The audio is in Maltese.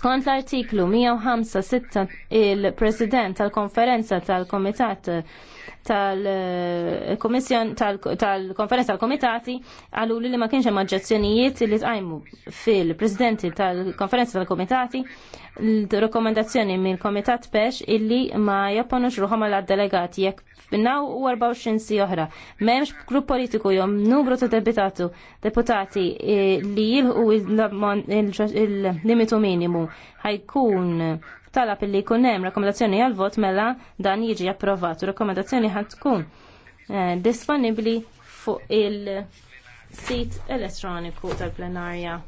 Skont l-artiklu 105-6 il-President tal-Konferenza tal-Komitat tal-Komissjon tal-Konferenza tal-Komitati għallu li ma kienx hemm oġġezzjonijiet li tqajmu fil-Presidenti tal-Konferenza tal-Komitati l-rekomendazzjoni mill-Komitat Pex illi ma japponux ruħom għal delegati jekk Naw u 24 si oħra. Memx grupp politiku jom numru ta' deputatu deputati li jilħu il-limitu minimu ħajkun talab illi jkun hemm rakkomandazzjoni għal vot mela dan jiġi approvat. rakkomandazzjoni ħad tkun eh, disponibbli fuq il-sit elettroniku tal-plenarja.